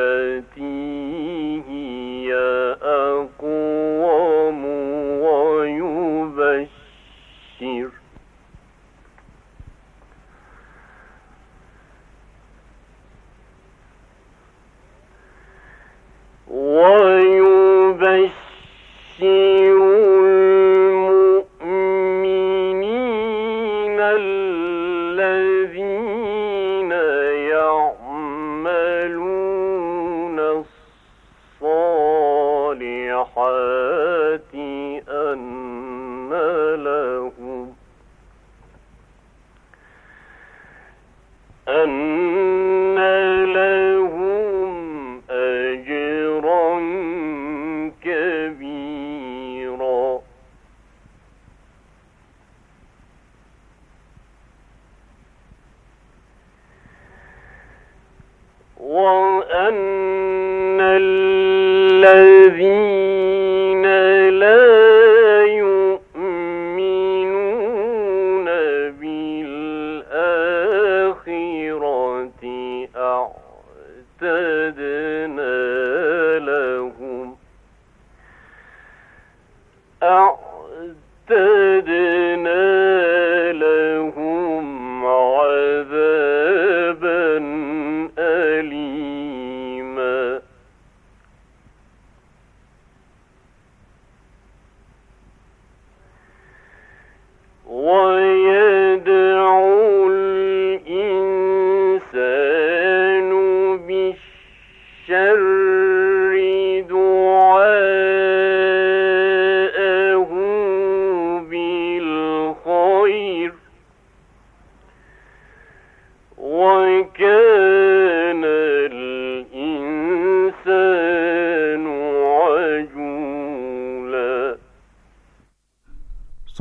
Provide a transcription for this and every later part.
التي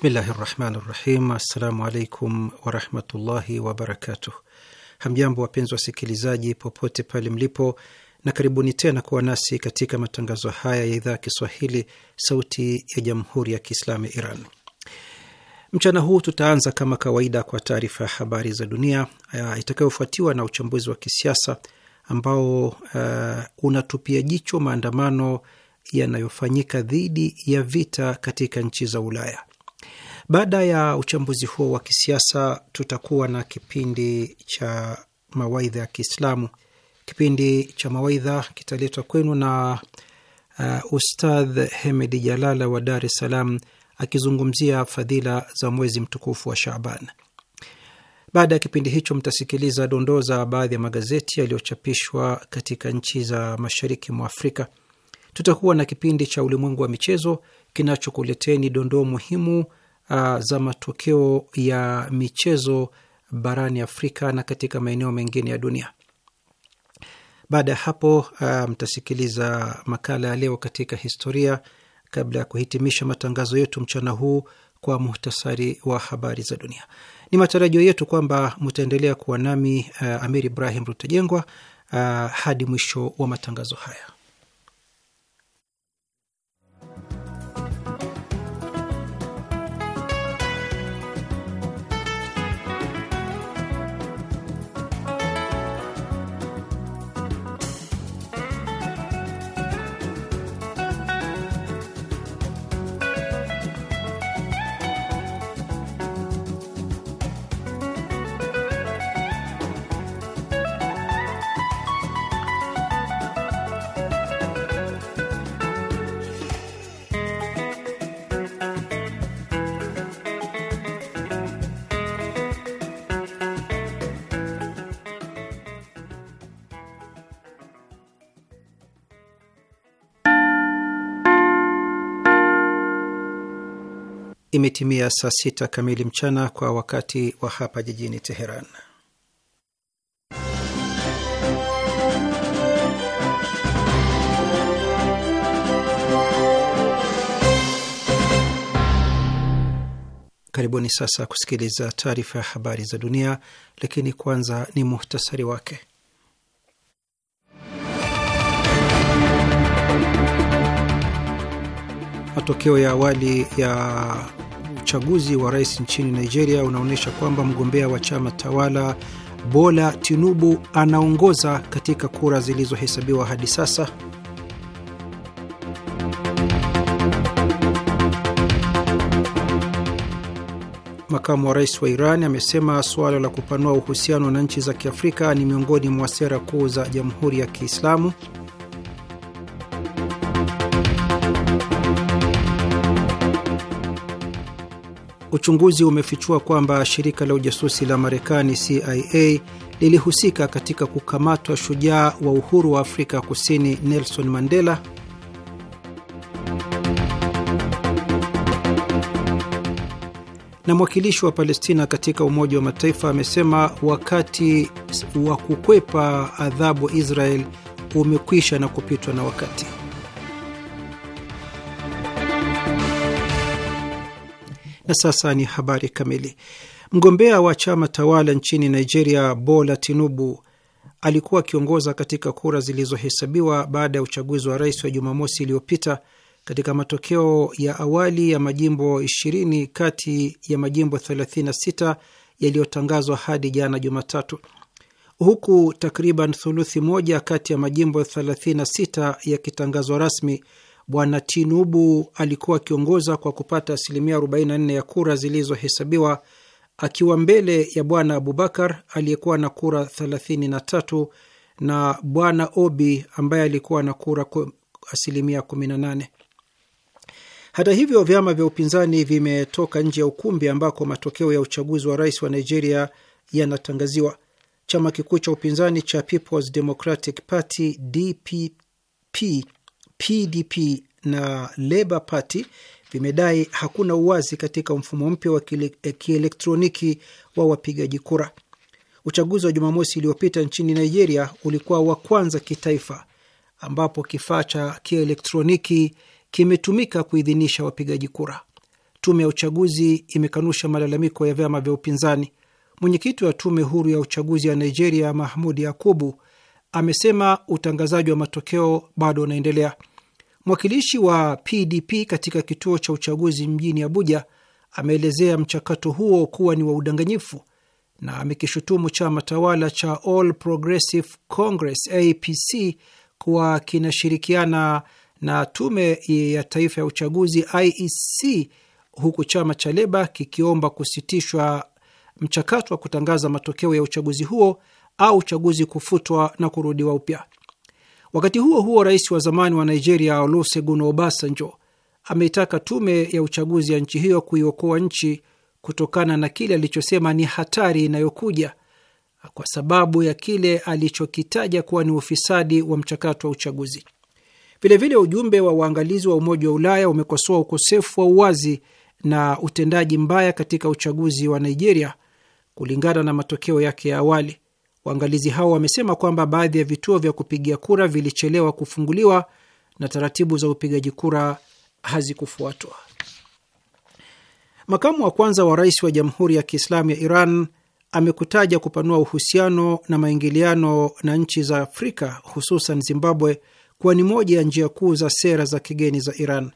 Bismillahi rahmani rahim. Assalamu alaikum warahmatullahi wabarakatuh. Hamjambo wapenzi wasikilizaji popote pale mlipo, na karibuni tena kuwa nasi katika matangazo haya ya idhaa ya Kiswahili sauti ya jamhuri ya Kiislamu ya Iran. Mchana huu tutaanza kama kawaida kwa taarifa ya habari za dunia uh, itakayofuatiwa na uchambuzi wa kisiasa ambao uh, unatupia jicho maandamano yanayofanyika dhidi ya vita katika nchi za Ulaya. Baada ya uchambuzi huo wa kisiasa, tutakuwa na kipindi cha mawaidha ya Kiislamu. Kipindi cha mawaidha kitaletwa kwenu na uh, Ustadh Hemedi Jalala wa Dar es Salaam akizungumzia fadhila za mwezi mtukufu wa Shaaban. Baada ya kipindi hicho, mtasikiliza dondoo za baadhi ya magazeti ya magazeti yaliyochapishwa katika nchi za mashariki mwa Afrika tutakuwa na kipindi cha ulimwengu wa michezo kinachokuleteni dondoo muhimu uh, za matokeo ya michezo barani Afrika na katika maeneo mengine ya dunia. Baada ya hapo uh, mtasikiliza makala ya leo katika historia, kabla ya kuhitimisha matangazo yetu mchana huu kwa muhtasari wa habari za dunia. Ni matarajio yetu kwamba mtaendelea kuwa nami uh, Amir Ibrahim Rutajengwa uh, hadi mwisho wa matangazo haya. imetimia saa sita kamili mchana kwa wakati wa hapa jijini Teheran. Karibuni sasa kusikiliza taarifa ya habari za dunia, lakini kwanza ni muhtasari wake. Matokeo ya awali ya uchaguzi wa rais nchini Nigeria unaonyesha kwamba mgombea wa chama tawala Bola Tinubu anaongoza katika kura zilizohesabiwa hadi sasa. Makamu wa rais wa Iran amesema suala la kupanua uhusiano na nchi za Kiafrika ni miongoni mwa sera kuu za Jamhuri ya Kiislamu. Uchunguzi umefichua kwamba shirika la ujasusi la Marekani CIA lilihusika katika kukamatwa shujaa wa uhuru wa Afrika Kusini Nelson Mandela. Na mwakilishi wa Palestina katika Umoja wa Mataifa amesema wakati wa kukwepa adhabu Israel umekwisha na kupitwa na wakati. Na sasa ni habari kamili. Mgombea wa chama tawala nchini Nigeria, Bola Tinubu, alikuwa akiongoza katika kura zilizohesabiwa baada ya uchaguzi wa rais wa Jumamosi iliyopita katika matokeo ya awali ya majimbo 20 kati ya majimbo 36 yaliyotangazwa hadi jana Jumatatu, huku takriban thuluthi moja kati ya majimbo 36 yakitangazwa rasmi. Bwana Tinubu alikuwa akiongoza kwa kupata asilimia 44 ya kura zilizohesabiwa akiwa mbele ya Bwana Abubakar aliyekuwa na kura 33 na Bwana Obi ambaye alikuwa na kura asilimia 18. Hata hivyo, vyama vya upinzani vimetoka nje ya ukumbi ambako matokeo ya uchaguzi wa rais wa Nigeria yanatangaziwa. Chama kikuu cha upinzani cha Peoples Democratic Party DPP PDP na Labour Party vimedai hakuna uwazi katika mfumo mpya wa eh, kielektroniki wa wapigaji kura. Uchaguzi wa Jumamosi iliyopita nchini Nigeria ulikuwa wa kwanza kitaifa ambapo kifaa cha kielektroniki kimetumika kuidhinisha wapigaji kura. Tume ya uchaguzi imekanusha malalamiko ya vyama vya upinzani. Mwenyekiti wa tume huru ya uchaguzi ya Nigeria, Mahmud Yakubu, amesema utangazaji wa matokeo bado unaendelea. Mwakilishi wa PDP katika kituo cha uchaguzi mjini Abuja ameelezea mchakato huo kuwa ni wa udanganyifu na amekishutumu chama tawala cha All Progressive Congress APC kuwa kinashirikiana na tume ya taifa ya uchaguzi IEC, huku chama cha Leba kikiomba kusitishwa mchakato wa kutangaza matokeo ya uchaguzi huo au uchaguzi kufutwa na kurudiwa upya. Wakati huo huo, rais wa zamani wa Nigeria Olusegun Obasanjo ameitaka tume ya uchaguzi ya nchi hiyo kuiokoa nchi kutokana na kile alichosema ni hatari inayokuja kwa sababu ya kile alichokitaja kuwa ni ufisadi wa mchakato wa uchaguzi. Vilevile, ujumbe wa waangalizi wa Umoja wa Ulaya umekosoa ukosefu wa uwazi na utendaji mbaya katika uchaguzi wa Nigeria kulingana na matokeo yake ya awali Waangalizi hao wamesema kwamba baadhi ya vituo vya kupigia kura vilichelewa kufunguliwa na taratibu za upigaji kura hazikufuatwa. Makamu wa kwanza wa rais wa Jamhuri ya Kiislamu ya Iran amekutaja kupanua uhusiano na maingiliano na nchi za Afrika hususan Zimbabwe kuwa ni moja ya njia kuu za sera za kigeni za Iran.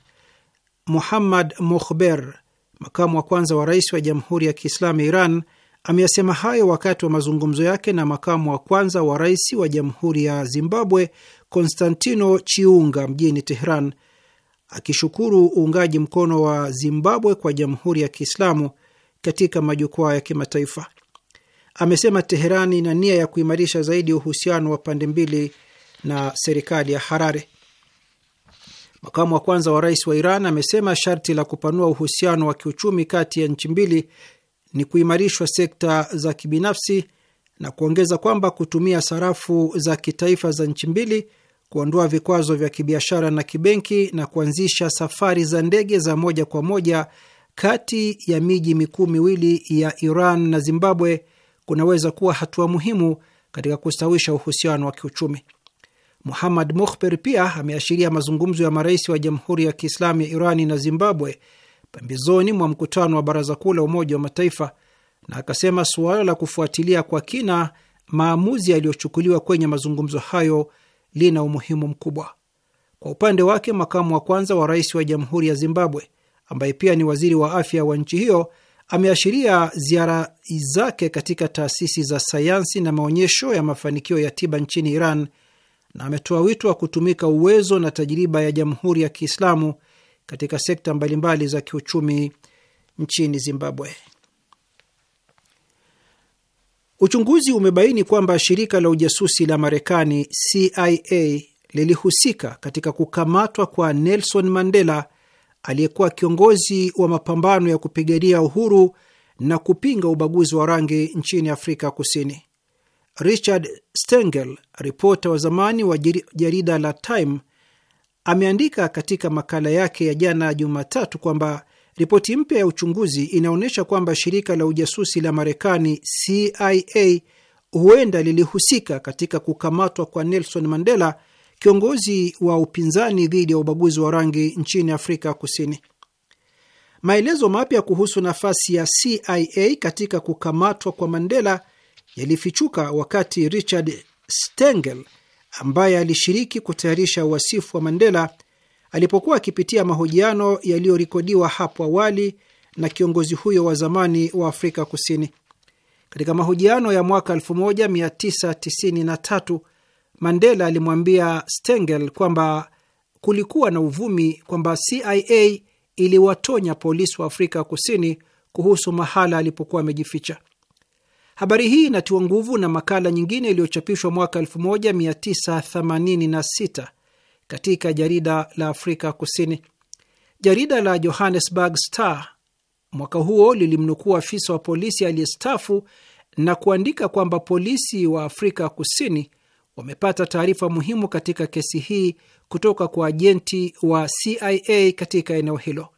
Muhammad Mohber, makamu wa kwanza wa rais wa Jamhuri ya Kiislamu ya Iran, Ameyasema hayo wakati wa mazungumzo yake na makamu wa kwanza wa rais wa jamhuri ya Zimbabwe, Konstantino Chiunga, mjini Tehran, akishukuru uungaji mkono wa Zimbabwe kwa jamhuri ya Kiislamu katika majukwaa ya kimataifa. Amesema Teherani ina nia ya kuimarisha zaidi uhusiano wa pande mbili na serikali ya Harare. Makamu wa kwanza wa rais wa Iran amesema sharti la kupanua uhusiano wa kiuchumi kati ya nchi mbili ni kuimarishwa sekta za kibinafsi na kuongeza kwamba kutumia sarafu za kitaifa za nchi mbili, kuondoa vikwazo vya kibiashara na kibenki, na kuanzisha safari za ndege za moja kwa moja kati ya miji mikuu miwili ya Iran na Zimbabwe kunaweza kuwa hatua muhimu katika kustawisha uhusiano wa kiuchumi. Muhammad Mukhber pia ameashiria mazungumzo ya marais wa Jamhuri ya Kiislamu ya Irani na Zimbabwe pembezoni mwa mkutano wa Baraza Kuu la Umoja wa Mataifa na akasema suala la kufuatilia kwa kina maamuzi yaliyochukuliwa kwenye mazungumzo hayo lina umuhimu mkubwa. Kwa upande wake, makamu wa kwanza wa rais wa Jamhuri ya Zimbabwe ambaye pia ni waziri wa afya wa nchi hiyo ameashiria ziara zake katika taasisi za sayansi na maonyesho ya mafanikio ya tiba nchini Iran na ametoa wito wa kutumika uwezo na tajiriba ya Jamhuri ya Kiislamu katika sekta mbalimbali za kiuchumi nchini Zimbabwe. Uchunguzi umebaini kwamba shirika la ujasusi la Marekani CIA lilihusika katika kukamatwa kwa Nelson Mandela aliyekuwa kiongozi wa mapambano ya kupigania uhuru na kupinga ubaguzi wa rangi nchini Afrika Kusini. Richard Stengel, ripota wa zamani wa jarida la Time, ameandika katika makala yake ya jana Jumatatu kwamba ripoti mpya ya uchunguzi inaonyesha kwamba shirika la ujasusi la Marekani CIA huenda lilihusika katika kukamatwa kwa Nelson Mandela, kiongozi wa upinzani dhidi ya ubaguzi wa rangi nchini Afrika Kusini. Maelezo mapya kuhusu nafasi ya CIA katika kukamatwa kwa Mandela yalifichuka wakati Richard Stengel ambaye alishiriki kutayarisha wasifu wa Mandela alipokuwa akipitia mahojiano yaliyorekodiwa hapo awali na kiongozi huyo wa zamani wa Afrika Kusini. Katika mahojiano ya mwaka 1993 Mandela alimwambia Stengel kwamba kulikuwa na uvumi kwamba CIA iliwatonya polisi wa Afrika Kusini kuhusu mahala alipokuwa amejificha. Habari hii inatiwa nguvu na makala nyingine iliyochapishwa mwaka 1986 katika jarida la Afrika Kusini. Jarida la Johannesburg Star mwaka huo lilimnukuu afisa wa polisi aliyestafu na kuandika kwamba polisi wa Afrika Kusini wamepata taarifa muhimu katika kesi hii kutoka kwa ajenti wa CIA katika eneo hilo.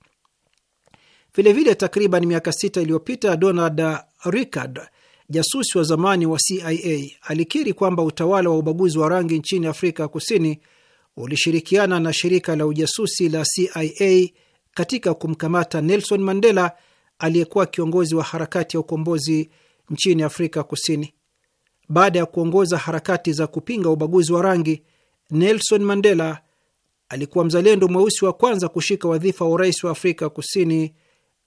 Vilevile, takriban miaka sita iliyopita Donald Rickard, jasusi wa zamani wa CIA alikiri kwamba utawala wa ubaguzi wa rangi nchini Afrika Kusini ulishirikiana na shirika la ujasusi la CIA katika kumkamata Nelson Mandela aliyekuwa kiongozi wa harakati ya ukombozi nchini Afrika Kusini. Baada ya kuongoza harakati za kupinga ubaguzi wa rangi, Nelson Mandela alikuwa mzalendo mweusi wa kwanza kushika wadhifa wa urais wa Afrika Kusini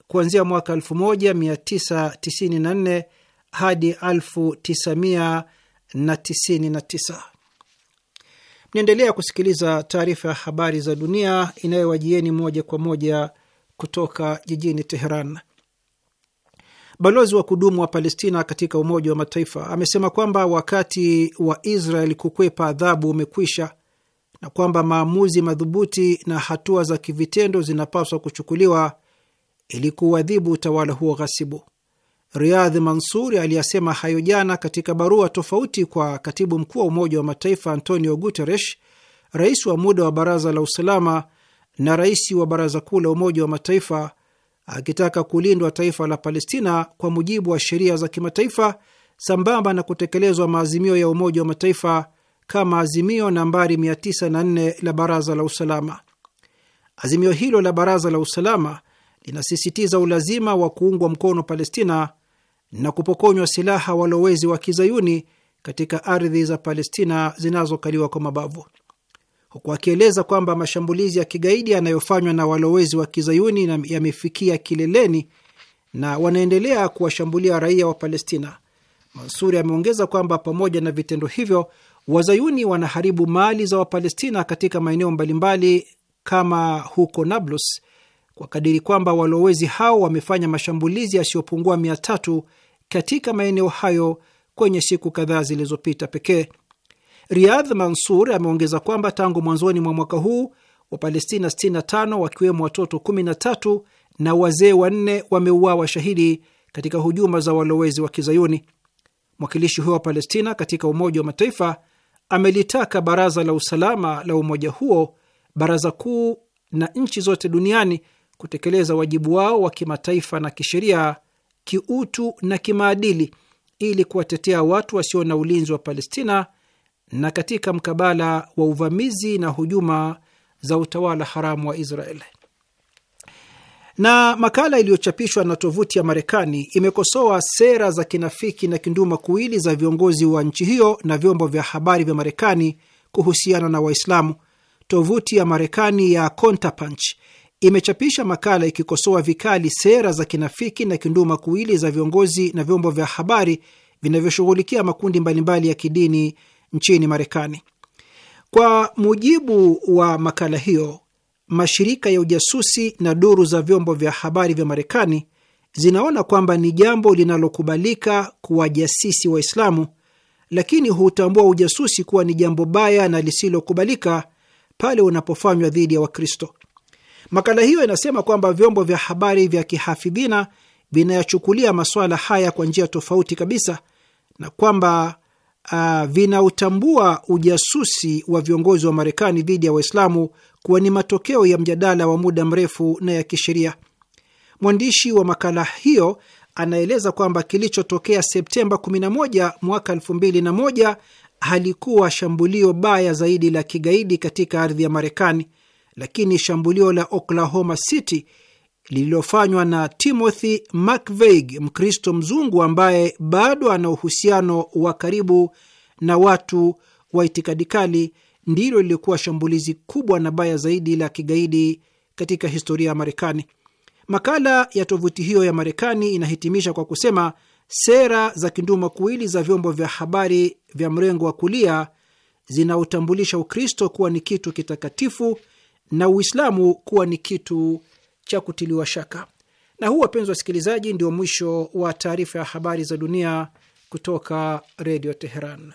kuanzia mwaka 1994 hadi 1999. Mnaendelea kusikiliza taarifa ya habari za dunia inayowajieni moja kwa moja kutoka jijini Teheran. Balozi wa kudumu wa Palestina katika Umoja wa Mataifa amesema kwamba wakati wa Israel kukwepa adhabu umekwisha na kwamba maamuzi madhubuti na hatua za kivitendo zinapaswa kuchukuliwa ili kuuadhibu utawala huo ghasibu. Riyadh Mansuri aliyasema hayo jana katika barua tofauti kwa katibu mkuu wa Umoja wa Mataifa Antonio Guterres, rais wa muda wa Baraza la Usalama na rais wa Baraza Kuu la Umoja wa Mataifa, akitaka kulindwa taifa la Palestina kwa mujibu wa sheria za kimataifa sambamba na kutekelezwa maazimio ya Umoja wa Mataifa kama azimio nambari 904 la Baraza la Usalama. Azimio hilo la Baraza la Usalama linasisitiza ulazima wa kuungwa mkono Palestina na kupokonywa silaha walowezi wa kizayuni katika ardhi za Palestina zinazokaliwa kwa mabavu, huku akieleza kwamba mashambulizi ya kigaidi yanayofanywa na walowezi wa kizayuni yamefikia kileleni na wanaendelea kuwashambulia raia wa Palestina. Mansuri ameongeza kwamba pamoja na vitendo hivyo, wazayuni wanaharibu mali za Wapalestina katika maeneo mbalimbali kama huko Nablus, kwa kadiri kwamba walowezi hao wamefanya mashambulizi yasiyopungua mia tatu katika maeneo hayo kwenye siku kadhaa zilizopita pekee. riadh Mansur ameongeza kwamba tangu mwanzoni mwa mwaka huu Wapalestina 65 wakiwemo watoto 13 na wazee wanne wameuawa shahidi katika hujuma za walowezi wa Kizayuni. Mwakilishi huyo wa Palestina katika Umoja wa Mataifa amelitaka Baraza la Usalama la umoja huo, baraza kuu na nchi zote duniani kutekeleza wajibu wao wa kimataifa na kisheria kiutu na kimaadili ili kuwatetea watu wasio na ulinzi wa Palestina na katika mkabala wa uvamizi na hujuma za utawala haramu wa israel Na makala iliyochapishwa na tovuti ya Marekani imekosoa sera za kinafiki na kinduma kuwili za viongozi wa nchi hiyo na vyombo vya habari vya Marekani kuhusiana na Waislamu. Tovuti ya Marekani ya Counterpunch imechapisha makala ikikosoa vikali sera za kinafiki na kinduma kuwili za viongozi na vyombo vya habari vinavyoshughulikia makundi mbalimbali ya kidini nchini Marekani. Kwa mujibu wa makala hiyo, mashirika ya ujasusi na duru za vyombo vya habari vya Marekani zinaona kwamba ni jambo linalokubalika kuwajasisi Waislamu, lakini hutambua ujasusi kuwa ni jambo baya na lisilokubalika pale unapofanywa dhidi ya Wakristo. Makala hiyo inasema kwamba vyombo vya habari vya kihafidhina vinayachukulia masuala haya kwa njia tofauti kabisa na kwamba uh, vinautambua ujasusi wa viongozi wa Marekani dhidi ya Waislamu kuwa ni matokeo ya mjadala wa muda mrefu na ya kisheria. Mwandishi wa makala hiyo anaeleza kwamba kilichotokea Septemba 11 mwaka 2001 halikuwa shambulio baya zaidi la kigaidi katika ardhi ya Marekani lakini shambulio la Oklahoma City lililofanywa na Timothy McVeigh, Mkristo mzungu ambaye bado ana uhusiano wa karibu na watu wa itikadi kali ndilo lilikuwa shambulizi kubwa na baya zaidi la kigaidi katika historia ya Marekani. Makala ya tovuti hiyo ya Marekani inahitimisha kwa kusema sera za kinduma kuwili za vyombo vya habari vya mrengo wa kulia zinautambulisha Ukristo kuwa ni kitu kitakatifu na Uislamu kuwa ni kitu cha kutiliwa shaka. Na huu, wapenzi wasikilizaji, ndio mwisho wa taarifa ya habari za dunia kutoka Redio Teheran.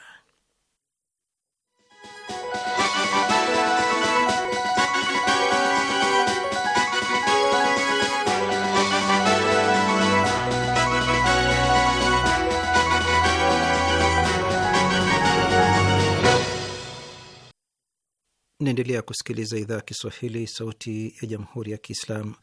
Naendelea kusikiliza idhaa ya Kiswahili, sauti ya jamhuri ya Kiislamu.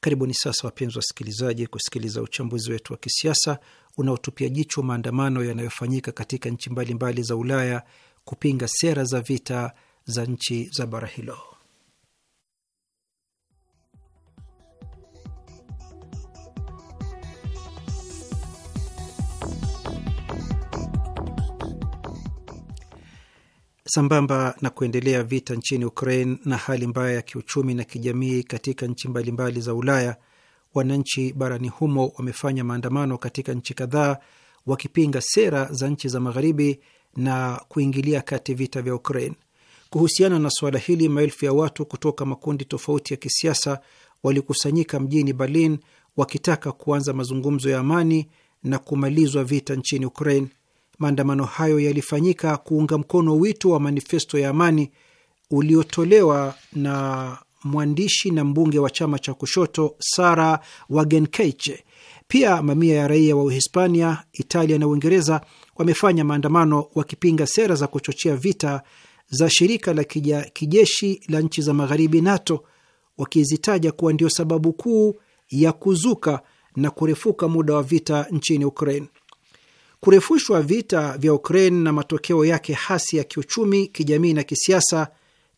Karibuni sasa, wapenzi wasikilizaji, kusikiliza uchambuzi wetu wa kisiasa unaotupia jicho maandamano yanayofanyika katika nchi mbalimbali za Ulaya kupinga sera za vita za nchi za bara hilo. sambamba na kuendelea vita nchini Ukraine na hali mbaya ya kiuchumi na kijamii katika nchi mbalimbali za Ulaya, wananchi barani humo wamefanya maandamano katika nchi kadhaa wakipinga sera za nchi za magharibi na kuingilia kati vita vya Ukraine. Kuhusiana na suala hili, maelfu ya watu kutoka makundi tofauti ya kisiasa walikusanyika mjini Berlin wakitaka kuanza mazungumzo ya amani na kumalizwa vita nchini Ukraine. Maandamano hayo yalifanyika kuunga mkono wito wa manifesto ya amani uliotolewa na mwandishi na mbunge wa chama cha kushoto Sara Wagenkeiche. Pia mamia ya raia wa Uhispania, Italia na Uingereza wamefanya maandamano wakipinga sera za kuchochea vita za shirika la kijeshi la nchi za magharibi NATO, wakizitaja kuwa ndio sababu kuu ya kuzuka na kurefuka muda wa vita nchini Ukraine. Kurefushwa vita vya Ukraine na matokeo yake hasi ya kiuchumi, kijamii na kisiasa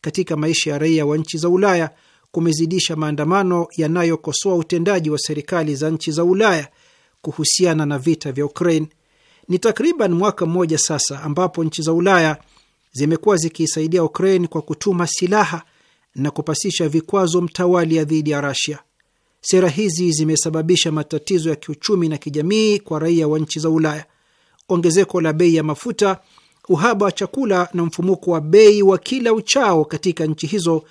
katika maisha ya raia wa nchi za Ulaya kumezidisha maandamano yanayokosoa utendaji wa serikali za nchi za Ulaya kuhusiana na vita vya Ukraine. Ni takriban mwaka mmoja sasa ambapo nchi za Ulaya zimekuwa zikiisaidia Ukraine kwa kutuma silaha na kupasisha vikwazo mtawalia dhidi ya Russia. Sera hizi zimesababisha matatizo ya kiuchumi na kijamii kwa raia wa nchi za Ulaya ongezeko la bei ya mafuta, uhaba wa chakula na mfumuko wa bei wa kila uchao katika nchi hizo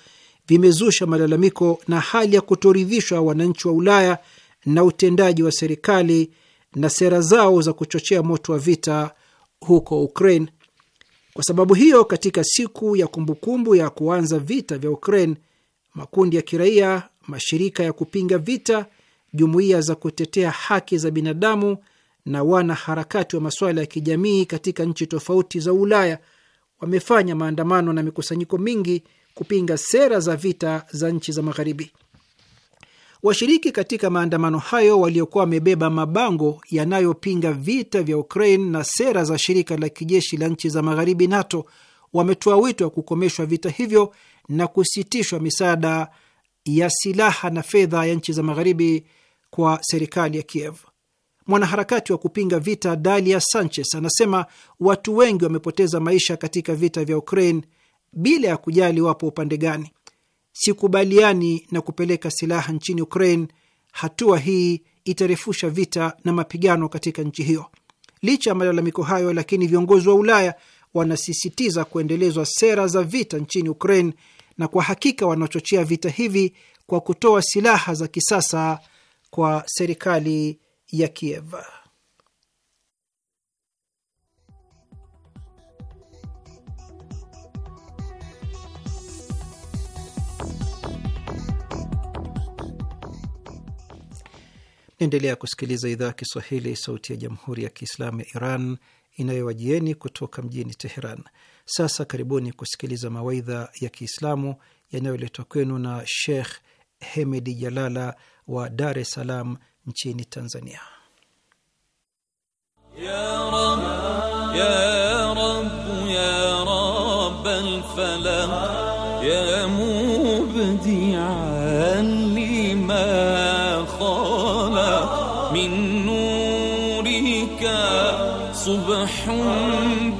vimezusha malalamiko na hali ya kutoridhishwa wananchi wa Ulaya na utendaji wa serikali na sera zao za kuchochea moto wa vita huko Ukraine. Kwa sababu hiyo, katika siku ya kumbukumbu ya kuanza vita vya Ukraine, makundi ya kiraia, mashirika ya kupinga vita, jumuiya za kutetea haki za binadamu na wanaharakati wa masuala ya kijamii katika nchi tofauti za Ulaya wamefanya maandamano na mikusanyiko mingi kupinga sera za vita za nchi za Magharibi. Washiriki katika maandamano hayo waliokuwa wamebeba mabango yanayopinga vita vya Ukraine na sera za shirika la kijeshi la nchi za Magharibi, NATO, wametoa wito wa kukomeshwa vita hivyo na kusitishwa misaada ya silaha na fedha ya nchi za Magharibi kwa serikali ya Kiev mwanaharakati wa kupinga vita Dalia Sanchez anasema watu wengi wamepoteza maisha katika vita vya Ukraine bila ya kujali wapo upande gani. Sikubaliani na kupeleka silaha nchini Ukraine. Hatua hii itarefusha vita na mapigano katika nchi hiyo. Licha ya malalamiko hayo, lakini viongozi wa Ulaya wanasisitiza kuendelezwa sera za vita nchini Ukraine na kwa hakika wanachochea vita hivi kwa kutoa silaha za kisasa kwa serikali ya Kiev. Naendelea kusikiliza idhaa ya Kiswahili, sauti ya jamhuri ya kiislamu ya Iran inayowajieni kutoka mjini Teheran. Sasa karibuni kusikiliza mawaidha ya Kiislamu yanayoletwa kwenu na Sheikh Hemedi Jalala wa Dar es Salaam, nchini Tanzania. ya Rab, ya Rab, ya Rab al-falah, ya mubdi'an lima khala min nurika subhun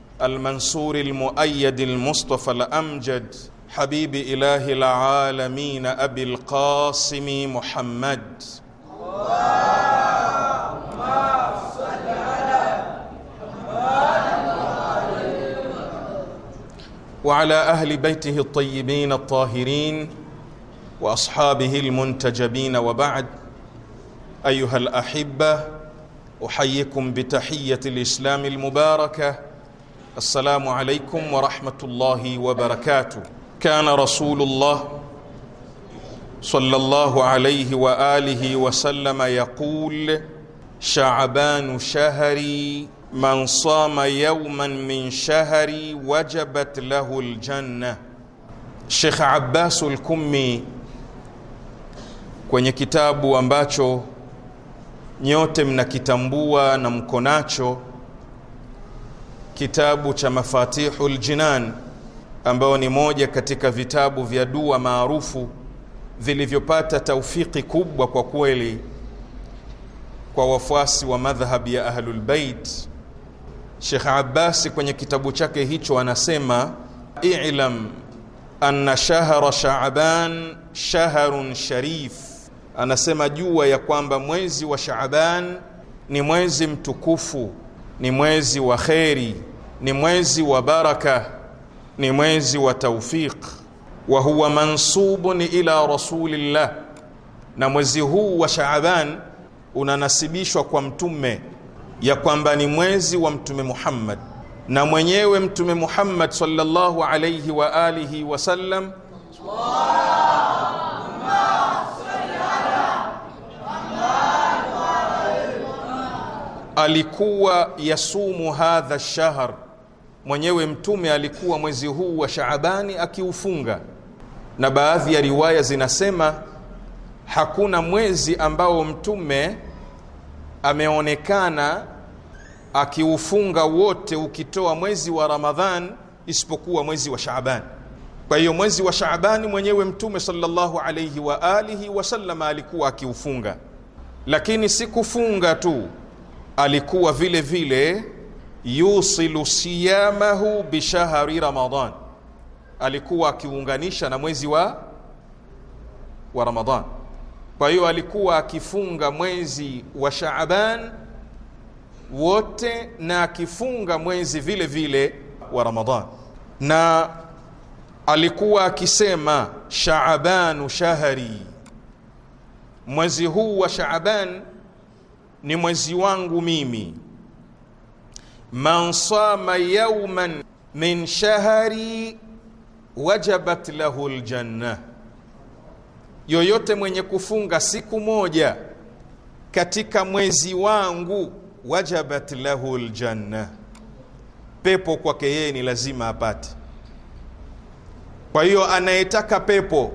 المنصور المؤيد المصطفى الامجد حبيب اله العالمين ابي القاسم محمد وعلى اهل بيته الطيبين الطاهرين واصحابه المنتجبين وبعد ايها الاحبه احييكم بتحيه الاسلام المباركه Assalamu alaikum warahmatullahi wabarakatuh. Kana rasulullah sallallahu alayhi wa alihi wasallama yaqul shaabanu shahri man sama yawman min shahri wajabat lahu aljanna. Sheikh Abbas al-Kummi kwenye kitabu ambacho nyote mnakitambua na mko kitabu cha mafatihu ljinan ambayo ni moja katika vitabu vya dua maarufu vilivyopata taufiki kubwa kwa kweli kwa wafuasi wa madhhabi ya Ahlulbeit. shekh abasi Abbasi kwenye kitabu chake hicho anasema, i'lam anna shahra Shaaban shahrun sharif, anasema jua ya kwamba mwezi wa Shaaban ni mwezi mtukufu ni mwezi wa kheri, ni mwezi wa baraka, ni mwezi wa taufiq. Wa huwa mansubun ila rasulillah, na mwezi huu wa Shaaban unanasibishwa kwa mtume, ya kwamba ni mwezi wa mtume Muhammad, na mwenyewe mtume Muhammad sallallahu alayhi wa alihi sallam alikuwa yasumu hadha shahr, mwenyewe Mtume alikuwa mwezi huu wa Shaabani akiufunga, na baadhi ya riwaya zinasema hakuna mwezi ambao Mtume ameonekana akiufunga wote ukitoa mwezi wa Ramadhan isipokuwa mwezi wa Shaaban. Kwa hiyo mwezi wa Shaaban mwenyewe Mtume sallallahu alayhi wa alihi wasallam alikuwa akiufunga, lakini si kufunga tu alikuwa vile vile yusilu siyamahu bishahri Ramadan, alikuwa akiunganisha na mwezi wa wa Ramadan. Kwa hiyo alikuwa akifunga mwezi wa Shaaban wote na akifunga mwezi vile vile wa Ramadan, na alikuwa akisema Shaabanu shahri, mwezi huu wa Shaaban ni mwezi wangu mimi. Man sama yauman min shahri wajabat lahu ljanna, yoyote mwenye kufunga siku moja katika mwezi wangu wajabat lahu ljanna, pepo kwake yeye ni lazima apate. Kwa hiyo anayetaka pepo,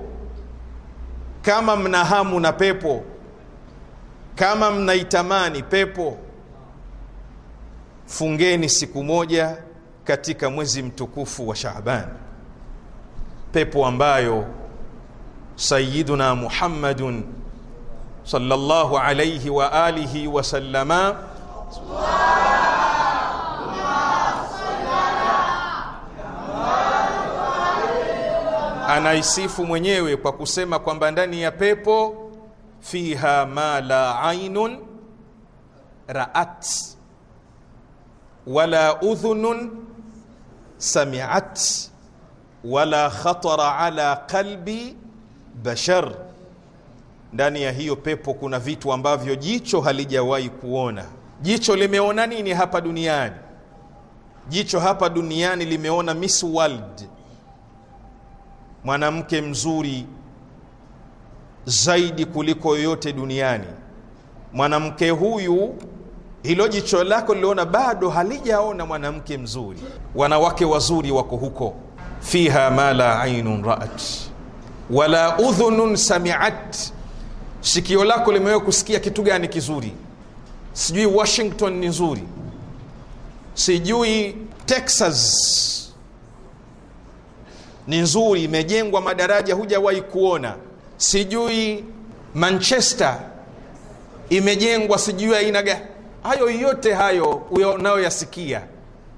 kama mna hamu na pepo kama mnaitamani pepo, fungeni siku moja katika mwezi mtukufu wa Shaaban, pepo ambayo Sayyiduna Muhammadun sallallahu alayhi wa alihi wa sallama anaisifu mwenyewe kwa kusema kwamba ndani ya pepo fiha ma la ainun ra'at wala udhunun sami'at wala khatara ala qalbi bashar, ndani ya hiyo pepo kuna vitu ambavyo jicho halijawahi kuona. Jicho limeona nini hapa duniani? Jicho hapa duniani limeona Miss World, mwanamke mzuri zaidi kuliko yoyote duniani. Mwanamke huyu, hilo jicho lako liliona, bado halijaona mwanamke mzuri. Wanawake wazuri wako huko, fiha ma la ainun raat wala udhunun samiat. Sikio lako limewahi kusikia kitu gani kizuri? Sijui Washington ni nzuri, sijui Texas ni nzuri, imejengwa madaraja, hujawahi kuona sijui Manchester imejengwa sijui aina gani. Hayo yote hayo unayoyasikia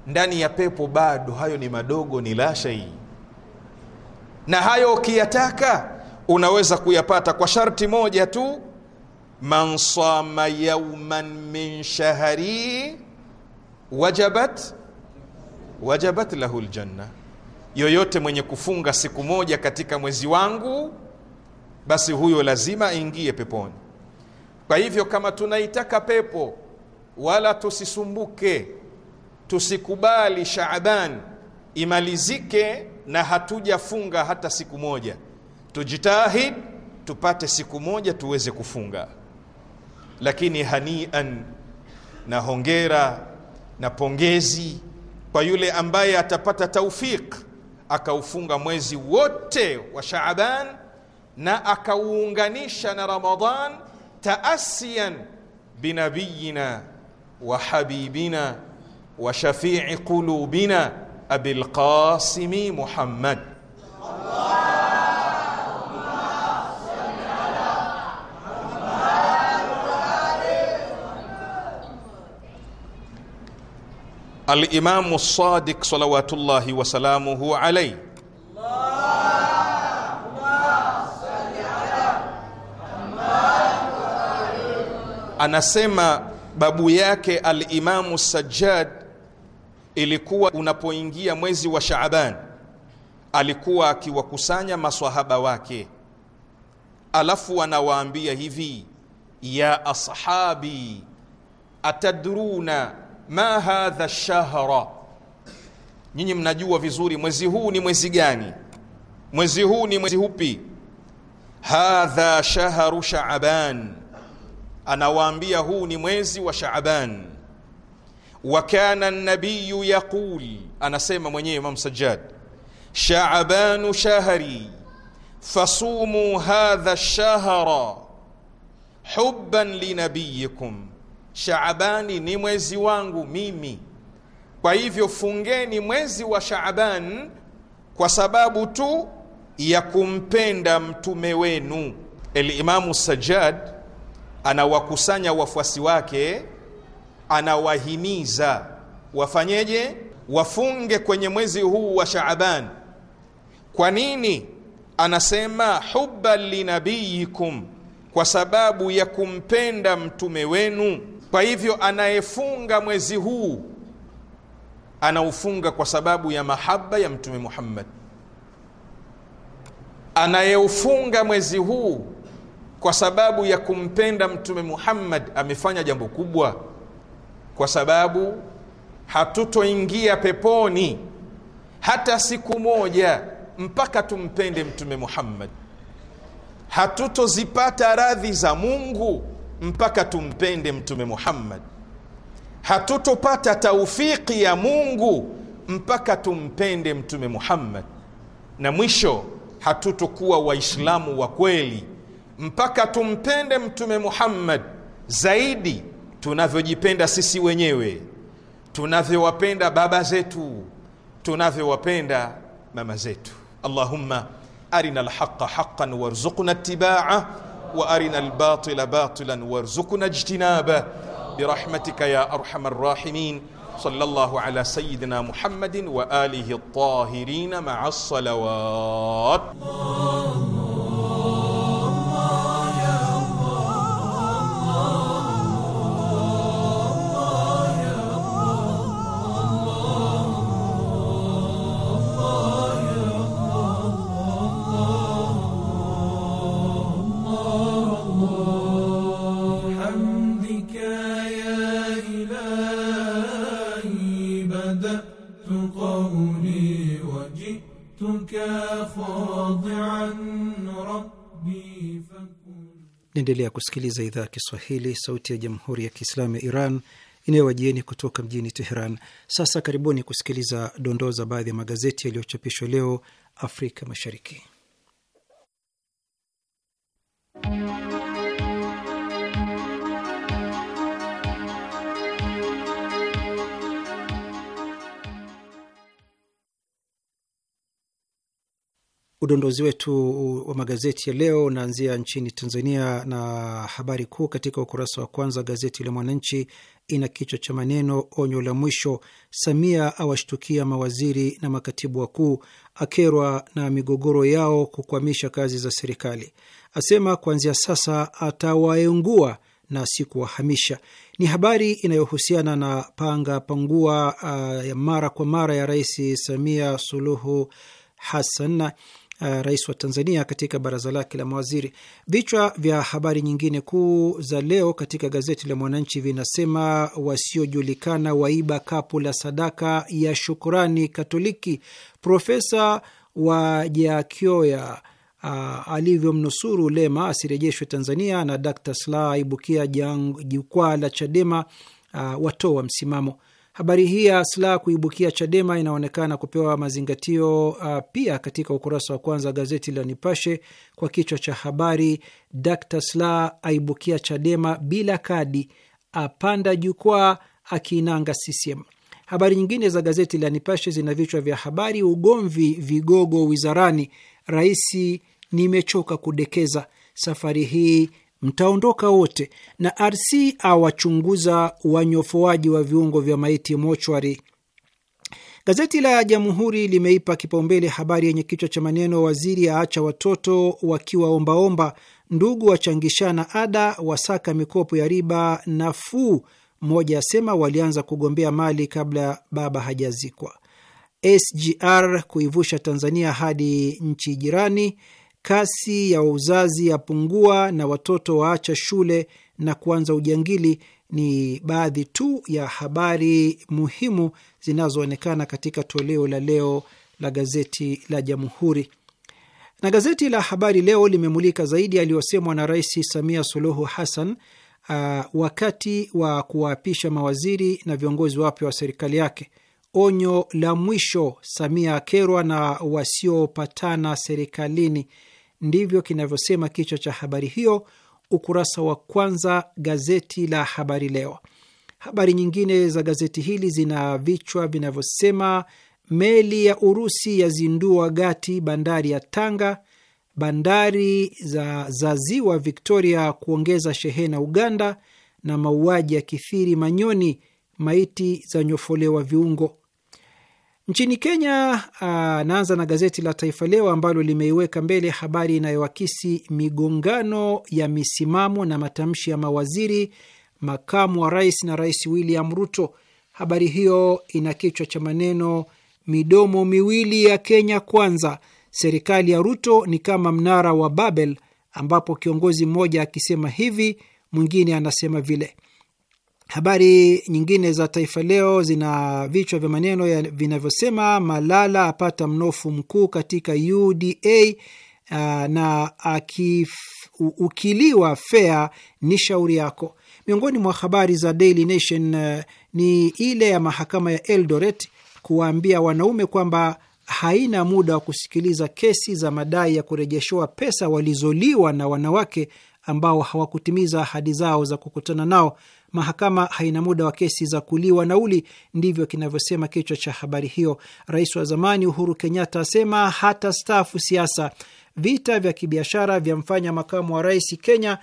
ndani ya pepo, bado hayo ni madogo, ni lashai, na hayo ukiyataka unaweza kuyapata kwa sharti moja tu, man sama yauman min shahari wajabat wajabat lahu ljanna, yoyote mwenye kufunga siku moja katika mwezi wangu basi huyo lazima aingie peponi. Kwa hivyo kama tunaitaka pepo, wala tusisumbuke, tusikubali Shaaban imalizike na hatujafunga hata siku moja. Tujitahid tupate siku moja tuweze kufunga. Lakini hanian na hongera na pongezi kwa yule ambaye atapata taufik akaufunga mwezi wote wa Shaaban na akauunganisha na Ramadhan taasiyan binabiyina wa habibina wa shafii qulubina Abil Qasimi Muhammad الإمام الصادق صلوات الله وسلامه عليه Anasema babu yake Alimamu Sajjad, ilikuwa unapoingia mwezi wa Shaaban alikuwa akiwakusanya maswahaba wake, alafu anawaambia hivi, ya ashabi atadruna ma hadha shahra, nyinyi mnajua vizuri mwezi huu ni mwezi gani? Mwezi huu ni mwezi upi? Hadha shahru shaaban anawaambia huu ni mwezi wa Shaaban. Wa kana nabiyu yaqul, anasema mwenyewe Imam Sajjad, shaabanu shahri fasumu hadha shahra hubban linabiyikum, Shaabani ni mwezi wangu mimi, kwa hivyo fungeni mwezi wa Shaaban kwa sababu tu ya kumpenda mtume wenu. Elimamu Sajjad anawakusanya wafuasi wake, anawahimiza wafanyeje? Wafunge kwenye mwezi huu wa Shaaban. Kwa nini? Anasema hubba linabiyikum, kwa sababu ya kumpenda mtume wenu. Kwa hivyo anayefunga mwezi huu anaufunga kwa sababu ya mahaba ya mtume Muhammad, anayeufunga mwezi huu kwa sababu ya kumpenda Mtume Muhammad amefanya jambo kubwa, kwa sababu hatutoingia peponi hata siku moja mpaka tumpende Mtume Muhammad. Hatutozipata radhi za Mungu mpaka tumpende Mtume Muhammad. Hatutopata taufiki ya Mungu mpaka tumpende Mtume Muhammad, na mwisho hatutokuwa Waislamu wa kweli mpaka tumpende Mtume Muhammad zaidi tunavyojipenda sisi wenyewe, tunavyowapenda baba zetu, tunavyowapenda mama zetu. Allahumma arina alhaqa haqqan warzuqna ittiba'a wa arina albatila batilan warzuqna ijtinaba birahmatika ya arhamar rahimin. Sallallahu ala sayyidina Muhammadin wa alihi at-tahirin ma'a as-salawat. Naendelea kusikiliza idhaa ya Kiswahili, sauti ya jamhuri ya kiislamu ya Iran inayowajieni kutoka mjini Teheran. Sasa karibuni kusikiliza dondoo za baadhi ya magazeti yaliyochapishwa leo Afrika Mashariki. Udondozi wetu wa magazeti ya leo unaanzia nchini Tanzania, na habari kuu katika ukurasa wa kwanza gazeti la Mwananchi ina kichwa cha maneno onyo la mwisho, Samia awashtukia mawaziri na makatibu wakuu, akerwa na migogoro yao kukwamisha kazi za serikali, asema kuanzia sasa atawaengua na sikuwahamisha Ni habari inayohusiana na panga pangua uh, ya mara kwa mara ya Rais Samia Suluhu Hassan uh, rais wa Tanzania katika baraza lake la mawaziri. Vichwa vya habari nyingine kuu za leo katika gazeti la Mwananchi vinasema wasiojulikana waiba kapu la sadaka ya shukurani Katoliki, Profesa Jakioya Uh, alivyomnusuru Lema asirejeshwe Tanzania na Dr sla aibukia jukwaa la Chadema uh, watoa wa msimamo. Habari hii ya Slaa kuibukia Chadema inaonekana kupewa mazingatio uh, pia katika ukurasa wa kwanza gazeti la Nipashe kwa kichwa cha habari, d Slaa aibukia Chadema bila kadi, apanda jukwaa akiinanga CCM. Habari nyingine za gazeti la Nipashe zina vichwa vya habari: ugomvi vigogo wizarani, raisi nimechoka kudekeza, safari hii mtaondoka wote, na RC awachunguza wanyofoaji wa viungo vya maiti mochwari. Gazeti la Jamhuri limeipa kipaumbele habari yenye kichwa cha maneno, waziri aacha watoto wakiwaombaomba, ndugu wachangishana ada, wasaka mikopo ya riba nafuu, mmoja asema walianza kugombea mali kabla baba hajazikwa. SGR kuivusha Tanzania hadi nchi jirani kasi ya uzazi yapungua na watoto waacha shule na kuanza ujangili ni baadhi tu ya habari muhimu zinazoonekana katika toleo la leo la gazeti la Jamhuri. Na gazeti la Habari Leo limemulika zaidi aliyosemwa na Rais Samia Suluhu Hassan uh, wakati wa kuwaapisha mawaziri na viongozi wapya wa serikali yake. Onyo la mwisho: Samia akerwa na wasiopatana serikalini. Ndivyo kinavyosema kichwa cha habari hiyo, ukurasa wa kwanza gazeti la Habari Leo. Habari nyingine za gazeti hili zina vichwa vinavyosema meli ya Urusi yazindua gati bandari ya Tanga, bandari za, za ziwa Victoria kuongeza shehena Uganda, na mauaji ya kithiri Manyoni, maiti za nyofolewa viungo. Nchini Kenya anaanza ah, na gazeti la Taifa Leo ambalo limeiweka mbele habari inayoakisi migongano ya misimamo na matamshi ya mawaziri, makamu wa rais na Rais William Ruto. Habari hiyo ina kichwa cha maneno midomo miwili ya Kenya Kwanza, serikali ya Ruto ni kama mnara wa Babel, ambapo kiongozi mmoja akisema hivi mwingine anasema vile. Habari nyingine za Taifa Leo zina vichwa vya maneno vinavyosema Malala apata mnofu mkuu katika UDA uh, na akiukiliwa fea ni shauri yako. Miongoni mwa habari za Daily Nation uh, ni ile ya mahakama ya Eldoret kuwaambia wanaume kwamba haina muda wa kusikiliza kesi za madai ya kurejeshewa pesa walizoliwa na wanawake ambao hawakutimiza ahadi zao za kukutana nao mahakama haina muda wa kesi za kuliwa nauli, ndivyo kinavyosema kichwa cha habari hiyo. Rais wa zamani Uhuru Kenyatta asema hata staafu siasa, vita vya kibiashara vya mfanya makamu wa rais Kenya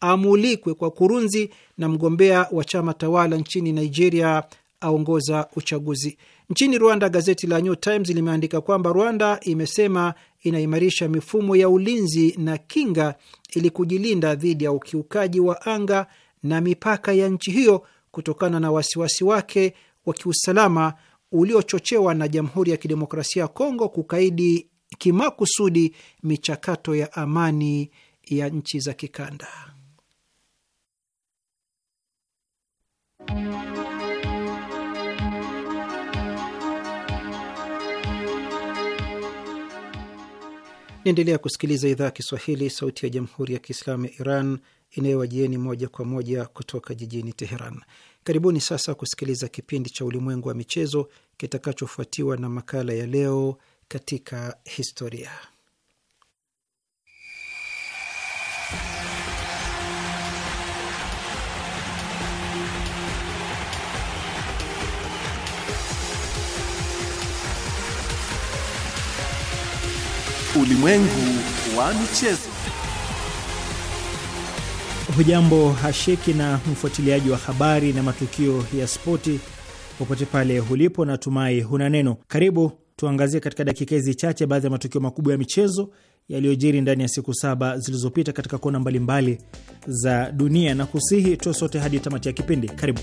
amulikwe kwa kurunzi, na mgombea wa chama tawala nchini Nigeria aongoza uchaguzi. Nchini Rwanda, gazeti la New Times limeandika kwamba Rwanda imesema inaimarisha mifumo ya ulinzi na kinga ili kujilinda dhidi ya ukiukaji wa anga na mipaka ya nchi hiyo kutokana na wasiwasi wake wa kiusalama uliochochewa na Jamhuri ya Kidemokrasia ya Kongo kukaidi kimakusudi michakato ya amani ya nchi za kikanda. Niendelea kusikiliza idhaa ya Kiswahili, sauti ya Jamhuri ya Kiislamu ya Iran inayowajieni moja kwa moja kutoka jijini Teheran. Karibuni sasa kusikiliza kipindi cha Ulimwengu wa Michezo kitakachofuatiwa na makala ya Leo katika Historia. Ulimwengu wa Michezo. Hujambo hashiki na mfuatiliaji wa habari na matukio ya spoti popote pale ulipo, na tumai huna neno. Karibu tuangazie katika dakika hizi chache baadhi ya matukio makubwa ya michezo yaliyojiri ndani ya siku saba zilizopita katika kona mbalimbali za dunia, na kusihi tuwe sote hadi tamati ya kipindi. Karibu.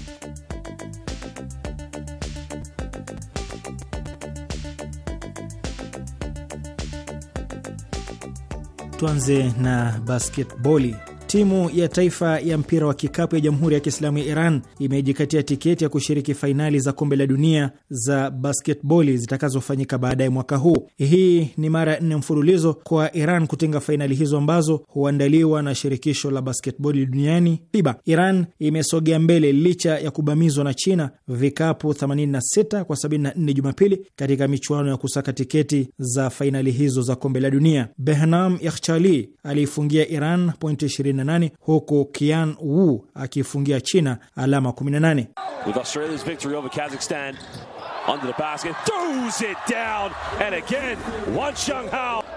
Tuanze na basketboli Timu ya taifa ya mpira wa kikapu ya Jamhuri ya Kiislamu ya Iran imejikatia tiketi ya kushiriki fainali za kombe la dunia za basketboli zitakazofanyika baadaye mwaka huu. Hii ni mara ya nne mfululizo kwa Iran kutinga fainali hizo ambazo huandaliwa na shirikisho la basketboli duniani FIBA. Iran imesogea mbele licha ya kubamizwa na China vikapu 86 kwa 74 Jumapili katika michuano ya kusaka tiketi za fainali hizo za kombe la dunia. Behnam Yakhchali aliifungia Iran pointi 18 huku Qian Wu akifungia China alama 18. With Australia's victory over Kazakhstan under the basket throws it down and again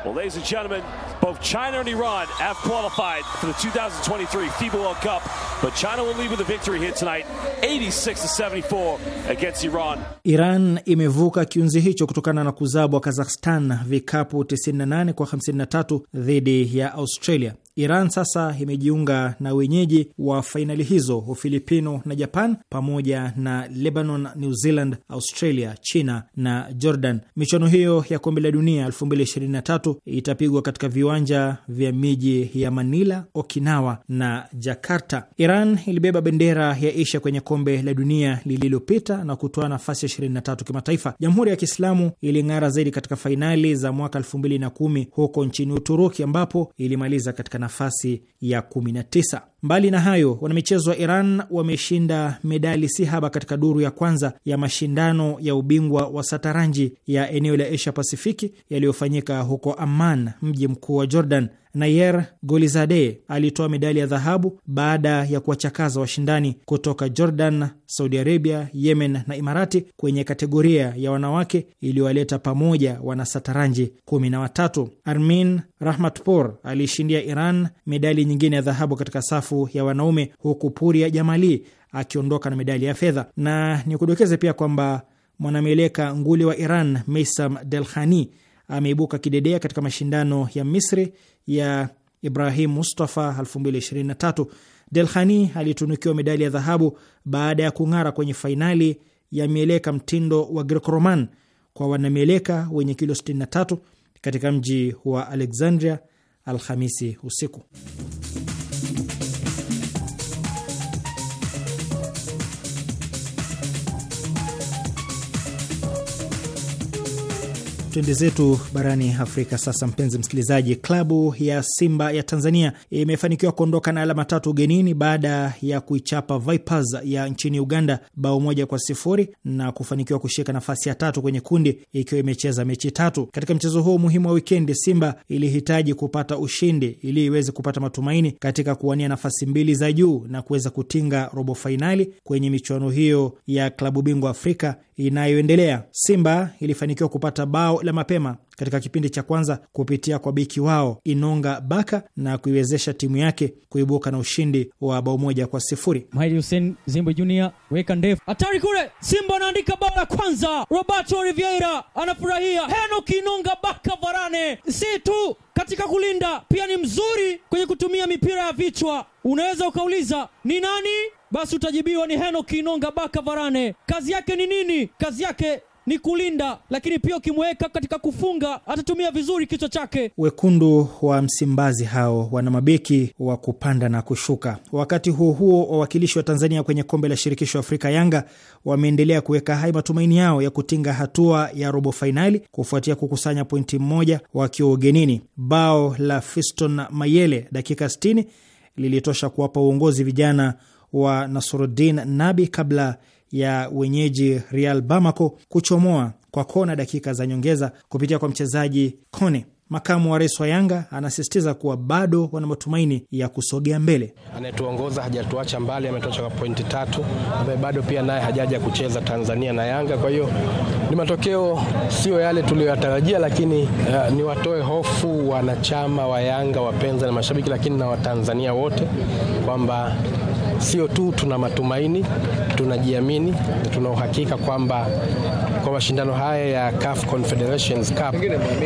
Well, ladies and gentlemen, both China and Iran have qualified for the 2023 FIBA World Cup, but China will leave with a victory here tonight, 86 74 against Iran. Iran imevuka kiunzi hicho kutokana na kuzabwa Kazakhstan vikapu 98 kwa 53 dhidi ya Australia. Iran sasa imejiunga na wenyeji wa fainali hizo Ufilipino na Japan pamoja na Lebanon, New Zealand, Australia, China na Jordan. Michuano hiyo ya kombe la dunia 2023 itapigwa katika viwanja vya miji ya Manila, Okinawa na Jakarta. Iran ilibeba bendera ya Asia kwenye kombe la dunia lililopita na kutoa nafasi ya 23 kimataifa. Jamhuri ya Kiislamu iling'ara zaidi katika fainali za mwaka 2010 huko nchini Uturuki ambapo ilimaliza katika nafasi ya 19. Mbali na hayo, wanamichezo wa Iran wameshinda medali si haba katika duru ya kwanza ya mashindano ya ubingwa wa sataranji ya eneo la Asia Pasifiki yaliyofanyika huko Amman, mji mkuu wa Jordan. Nayer golizade alitoa medali ya dhahabu baada ya kuwachakaza washindani kutoka Jordan, Saudi Arabia, Yemen na Imarati kwenye kategoria ya wanawake iliyowaleta pamoja wanasataranji kumi na watatu. Armin Rahmatpour aliishindia Iran medali nyingine ya dhahabu katika safu safu ya wanaume, huku Puria Jamali akiondoka na medali ya fedha. Na ni kudokeza pia kwamba mwanameleka nguli wa Iran Meisam Delhani ameibuka kidedea katika mashindano ya Misri ya Ibrahim Mustafa 2023. Delhani alitunukiwa medali ya dhahabu baada ya kung'ara kwenye fainali ya mieleka mtindo wa Greco-Roman kwa wanamieleka wenye kilo 63 katika mji wa Alexandria Alhamisi usiku. Twende zetu barani Afrika sasa, mpenzi msikilizaji. Klabu ya Simba ya Tanzania imefanikiwa kuondoka na alama tatu ugenini baada ya kuichapa Vipers ya nchini Uganda bao moja kwa sifuri na kufanikiwa kushika nafasi ya tatu kwenye kundi ikiwa imecheza mechi tatu. Katika mchezo huo muhimu wa wikendi, Simba ilihitaji kupata ushindi ili iweze kupata matumaini katika kuwania nafasi mbili za juu na kuweza kutinga robo fainali kwenye michuano hiyo ya klabu bingwa Afrika inayoendelea. Simba ilifanikiwa kupata bao la mapema katika kipindi cha kwanza kupitia kwa beki wao Inonga Baka na kuiwezesha timu yake kuibuka na ushindi wa bao moja kwa sifuri. Maili Hussein Zimbo Junior weka ndefu, hatari kule, Simba anaandika bao la kwanza. Roberto olivieira anafurahia, Henok Inonga Baka Varane si tu katika kulinda, pia ni mzuri kwenye kutumia mipira ya vichwa. Unaweza ukauliza ni nani? Basi utajibiwa ni Henok Inonga Baka Varane. Kazi yake ni nini? Kazi yake ni kulinda, lakini pia ukimweka katika kufunga atatumia vizuri kichwa chake. Wekundu wa Msimbazi hao wana mabeki wa kupanda na kushuka. Wakati huo huo, wawakilishi wa Tanzania kwenye kombe la shirikisho Afrika Yanga wameendelea kuweka hai matumaini yao ya kutinga hatua ya robo fainali kufuatia kukusanya pointi mmoja wakiwa ugenini. Bao la Fiston Mayele dakika 60 lilitosha kuwapa uongozi vijana wa Nasrudin Nabi kabla ya wenyeji Real Bamako kuchomoa kwa kona dakika za nyongeza kupitia kwa mchezaji Kone. Makamu wa rais wa Yanga anasisitiza kuwa bado wana matumaini ya kusogea mbele. Anayetuongoza hajatuacha mbali, ametuacha kwa pointi tatu, ambaye bado pia naye hajaja kucheza Tanzania na Yanga. Kwa hiyo ni matokeo sio yale tuliyoyatarajia, lakini uh, ni watoe hofu wanachama wa Yanga, wapenzi na mashabiki, lakini na Watanzania wote kwamba sio tu tuna matumaini, tunajiamini, tuna uhakika kwamba kwa mashindano haya ya CAF Confederations Cup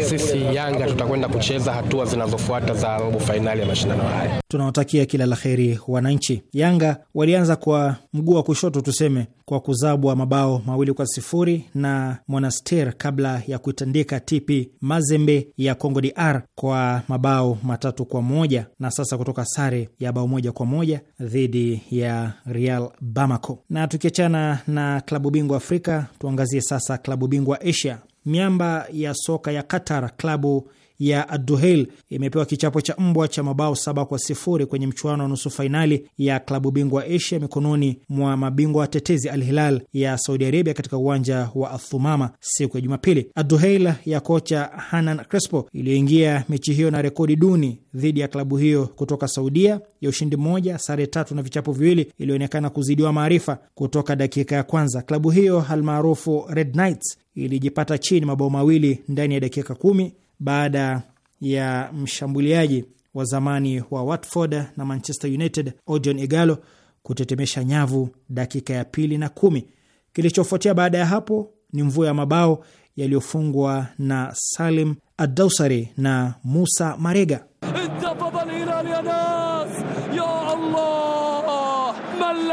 sisi Yanga tutakwenda kucheza hatua zinazofuata za robo fainali ya mashindano haya. Tunawatakia kila la heri wananchi. Yanga walianza kwa mguu wa kushoto tuseme, kwa kuzabwa mabao mawili kwa sifuri na monaster kabla ya kuitandika TP Mazembe ya Congo DR kwa mabao matatu kwa moja na sasa kutoka sare ya bao moja kwa moja dhidi ya Real Bamako. Na tukiachana na klabu bingwa Afrika, tuangazie sasa klabu bingwa Asia. Miamba ya soka ya Qatar, klabu ya Adduheil imepewa kichapo cha mbwa cha mabao saba kwa sifuri kwenye mchuano wa nusu fainali ya klabu bingwa Asia mikononi mwa mabingwa watetezi Al Hilal ya Saudi Arabia katika uwanja wa Athumama siku ya Jumapili. Adduheil ya kocha Hanan Crespo iliyoingia mechi hiyo na rekodi duni dhidi ya klabu hiyo kutoka Saudia ya ushindi mmoja, sare tatu na vichapo viwili, ilionekana kuzidiwa maarifa kutoka dakika ya kwanza. Klabu hiyo almaarufu Red Knights ilijipata chini mabao mawili ndani ya dakika kumi baada ya mshambuliaji wa zamani wa Watford na Manchester United Odion Igalo kutetemesha nyavu dakika ya pili na kumi. Kilichofuatia baada ya hapo ni mvua ya mabao yaliyofungwa na Salim Addausari na Musa Marega.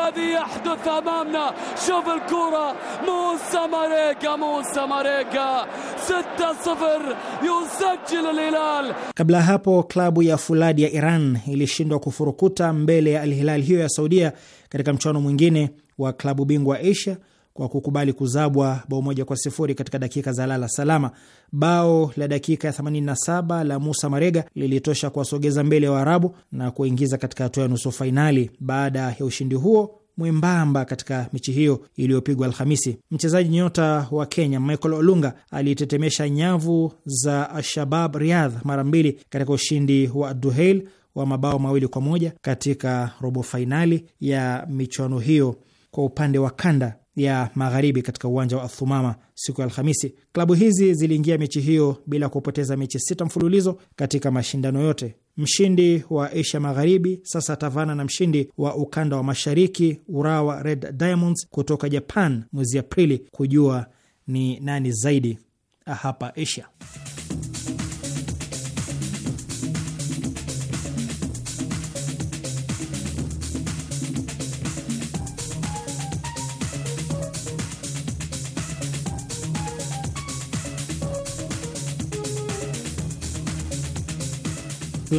الذي يحدث أمامنا شوف الكرة موسى ماريكا موسى ماريكا 6-0 yusajili Al-Hilal. Kabla hapo klabu ya Fuladi ya Iran ilishindwa kufurukuta mbele ya Al-Hilal hiyo ya Saudia katika mchuano mwingine wa klabu bingwa Asia kwa kukubali kuzabwa bao moja kwa sifuri katika dakika za lala salama. Bao la dakika ya 87 la Musa Marega lilitosha kuwasogeza mbele ya Waarabu na kuingiza katika hatua ya nusu fainali. Baada ya ushindi huo mwembamba katika mechi hiyo iliyopigwa Alhamisi, mchezaji nyota wa Kenya Michael Olunga alitetemesha nyavu za Alshabab Riyadh mara mbili katika ushindi wa Duhail wa mabao mawili kwa moja katika robo fainali ya michuano hiyo. Kwa upande wa kanda ya magharibi katika uwanja wa Athumama siku ya Alhamisi. Klabu hizi ziliingia mechi hiyo bila kupoteza mechi sita mfululizo katika mashindano yote. Mshindi wa Asia Magharibi sasa atavana na mshindi wa ukanda wa mashariki Urawa Red Diamonds kutoka Japan mwezi Aprili kujua ni nani zaidi hapa Asia.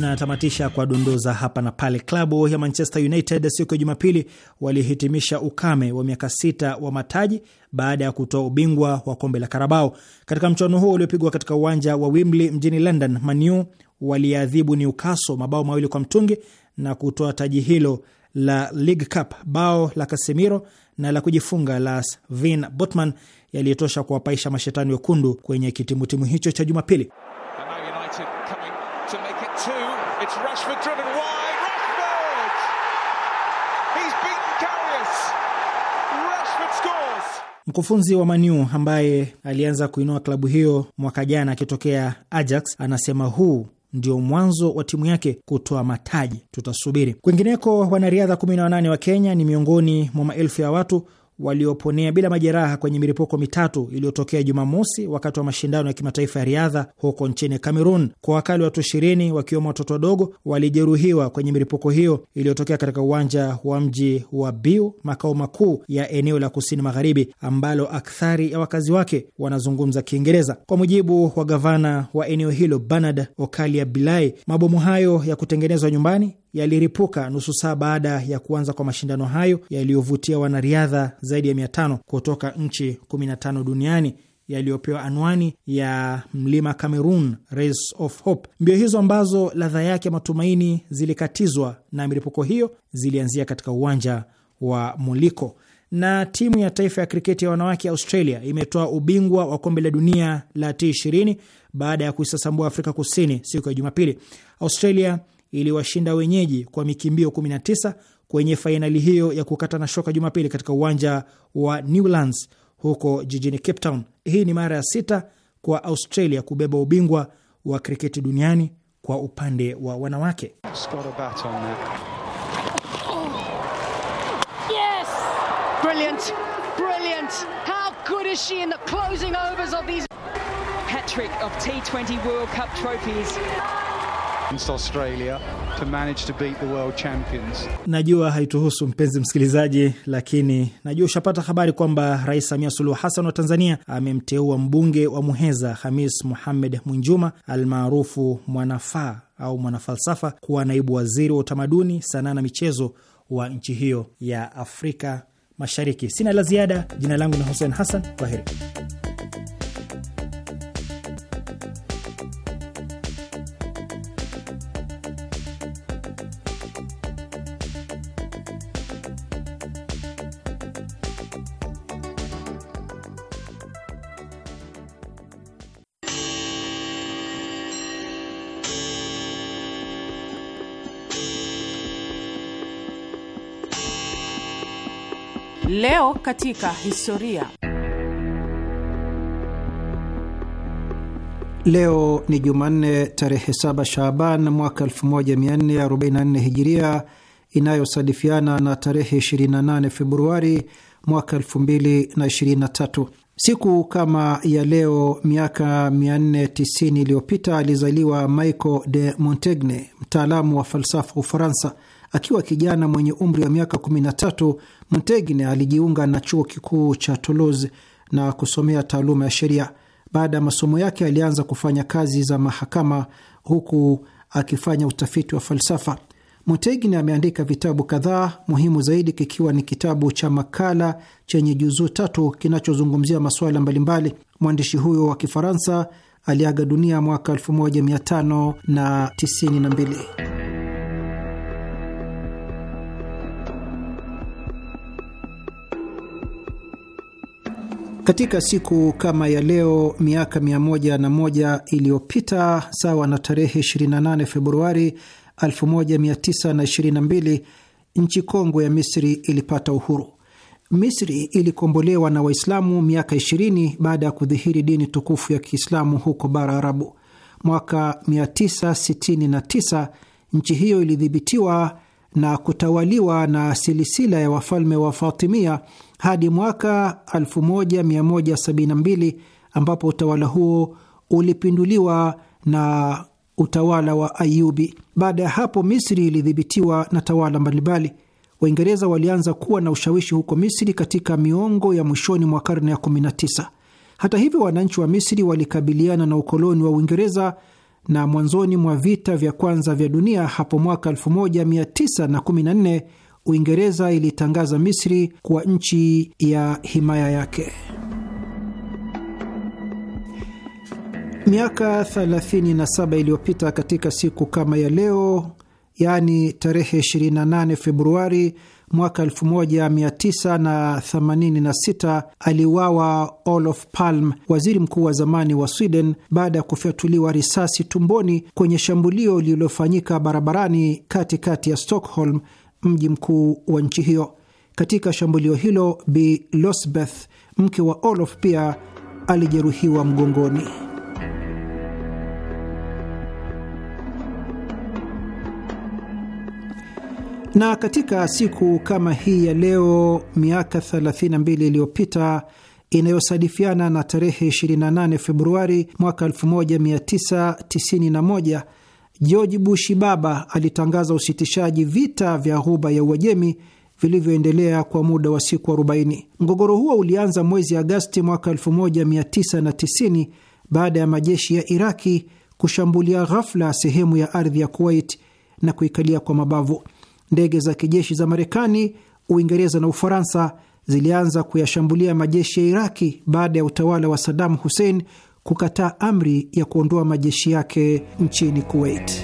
tunatamatisha kwa dondoza hapa na pale. Klabu ya Manchester United siku ya Jumapili walihitimisha ukame wa miaka sita wa mataji baada ya kutoa ubingwa wa kombe la Karabao. Katika mchuano huo uliopigwa katika uwanja wa Wembley mjini London, Manu waliadhibu Newcastle mabao mawili kwa mtungi na kutoa taji hilo la League Cup. Bao la Casemiro na la kujifunga la Sven Botman yaliyotosha kuwapaisha mashetani wekundu kwenye kitimutimu hicho cha Jumapili. It's Rashford driven wide. Rashford! He's beaten Karius. Rashford scores. Mkufunzi wa manu ambaye alianza kuinua klabu hiyo mwaka jana akitokea Ajax anasema huu ndio mwanzo wa timu yake kutoa mataji, tutasubiri. Kwingineko, wanariadha 18 wa Kenya ni miongoni mwa maelfu ya watu walioponea bila majeraha kwenye milipuko mitatu iliyotokea Jumamosi wakati wa mashindano ya kimataifa ya riadha huko nchini Cameroon. Kwa wakali watu ishirini wakiwemo watoto wadogo walijeruhiwa kwenye milipuko hiyo iliyotokea katika uwanja wa mji wa Biu, makao makuu ya eneo la kusini magharibi ambalo akthari ya wakazi wake wanazungumza Kiingereza. Kwa mujibu wa gavana wa eneo hilo Bernard Okalia Bilai, mabomu hayo ya kutengenezwa nyumbani yaliripuka nusu saa baada ya kuanza kwa mashindano hayo yaliyovutia wanariadha zaidi ya 500 kutoka nchi 15 duniani yaliyopewa anwani ya mlima Cameroon Race of Hope. Mbio hizo ambazo ladha yake matumaini zilikatizwa na milipuko hiyo zilianzia katika uwanja wa Moliko. Na timu ya taifa ya kriketi ya wanawake Australia imetoa ubingwa wa kombe la dunia la T20 baada ya kuisasambua Afrika Kusini siku ya Jumapili. Australia iliwashinda wenyeji kwa mikimbio 19 kwenye fainali hiyo ya kukata na shoka Jumapili katika uwanja wa Newlands huko jijini Cape Town. Hii ni mara ya sita kwa Australia kubeba ubingwa wa kriketi duniani kwa upande wa wanawake. Oh, of T20 World Cup trophies. Australia to manage to beat the world champions. Najua haituhusu mpenzi msikilizaji, lakini najua ushapata habari kwamba Rais Samia Suluhu Hassan wa Tanzania amemteua mbunge wa Muheza Hamis Muhamed Mwinjuma almaarufu Mwanafaa au Mwanafalsafa kuwa naibu waziri wa utamaduni, sanaa na michezo wa nchi hiyo ya Afrika Mashariki. Sina la ziada. Jina langu ni Hussein Hassan. Kwaheri. katika historia. Leo ni Jumanne tarehe 7 Shaaban mwaka 1444 Hijiria, inayosadifiana na tarehe 28 Februari mwaka 2023. Siku kama ya leo miaka 490 iliyopita alizaliwa Michael de Montaigne, mtaalamu wa falsafa Ufaransa. Akiwa kijana mwenye umri wa miaka 13, Mtegne alijiunga na chuo kikuu cha Toulouse na kusomea taaluma ya sheria. Baada ya masomo yake, alianza kufanya kazi za mahakama huku akifanya utafiti wa falsafa. Mtegne ameandika vitabu kadhaa, muhimu zaidi kikiwa ni kitabu cha makala chenye juzuu tatu kinachozungumzia masuala mbalimbali. Mwandishi huyo wa Kifaransa aliaga dunia mwaka 1592. Katika siku kama ya leo miaka 101 iliyopita, sawa na tarehe 28 Februari 1922, nchi kongwe ya Misri ilipata uhuru. Misri ilikombolewa na Waislamu miaka 20 baada ya kudhihiri dini tukufu ya Kiislamu huko bara Arabu. Mwaka 969 nchi hiyo ilidhibitiwa na kutawaliwa na silisila ya wafalme wa Fatimia hadi mwaka 1172 ambapo utawala huo ulipinduliwa na utawala wa Ayubi. Baada ya hapo, Misri ilidhibitiwa na tawala mbalimbali. Waingereza walianza kuwa na ushawishi huko Misri katika miongo ya mwishoni mwa karne ya 19. Hata hivyo, wananchi wa Misri walikabiliana na ukoloni wa Uingereza na mwanzoni mwa vita vya kwanza vya dunia hapo mwaka 1914 Uingereza ilitangaza Misri kuwa nchi ya himaya yake. Miaka 37 iliyopita katika siku kama ya leo yaani tarehe 28 Februari mwaka 1986 aliuawa Olof Palme, waziri mkuu wa zamani wa Sweden, baada ya kufyatuliwa risasi tumboni kwenye shambulio lililofanyika barabarani katikati kati ya Stockholm, mji mkuu wa nchi hiyo. Katika shambulio hilo, Bi Losbeth, mke wa Olof, pia alijeruhiwa mgongoni. Na katika siku kama hii ya leo miaka 32 iliyopita inayosadifiana na tarehe 28 Februari mwaka 1991 George Bushi baba alitangaza usitishaji vita vya Ghuba ya Uajemi vilivyoendelea kwa muda wa siku 40. Mgogoro huo ulianza mwezi Agasti mwaka 1990 baada ya majeshi ya Iraki kushambulia ghafla sehemu ya ardhi ya Kuwait na kuikalia kwa mabavu. Ndege za kijeshi za Marekani, Uingereza na Ufaransa zilianza kuyashambulia majeshi ya Iraki baada ya utawala wa Saddam Hussein kukataa amri ya kuondoa majeshi yake nchini Kuwait.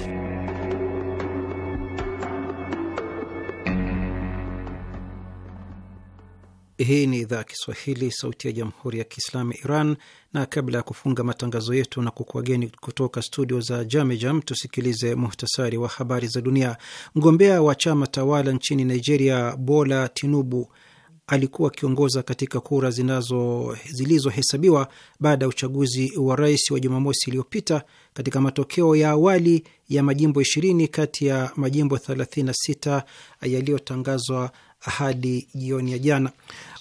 Hii ni idhaa ya Kiswahili, sauti ya jamhuri ya kiislamu Iran na kabla ya kufunga matangazo yetu na kukuageni kutoka studio za Jamejam, tusikilize muhtasari wa habari za dunia. Mgombea wa chama tawala nchini Nigeria, Bola Tinubu, alikuwa akiongoza katika kura zinazo zilizohesabiwa baada ya uchaguzi wa rais wa Jumamosi iliyopita katika matokeo ya awali ya majimbo 20 kati ya majimbo 36 yaliyotangazwa hadi jioni ya jana,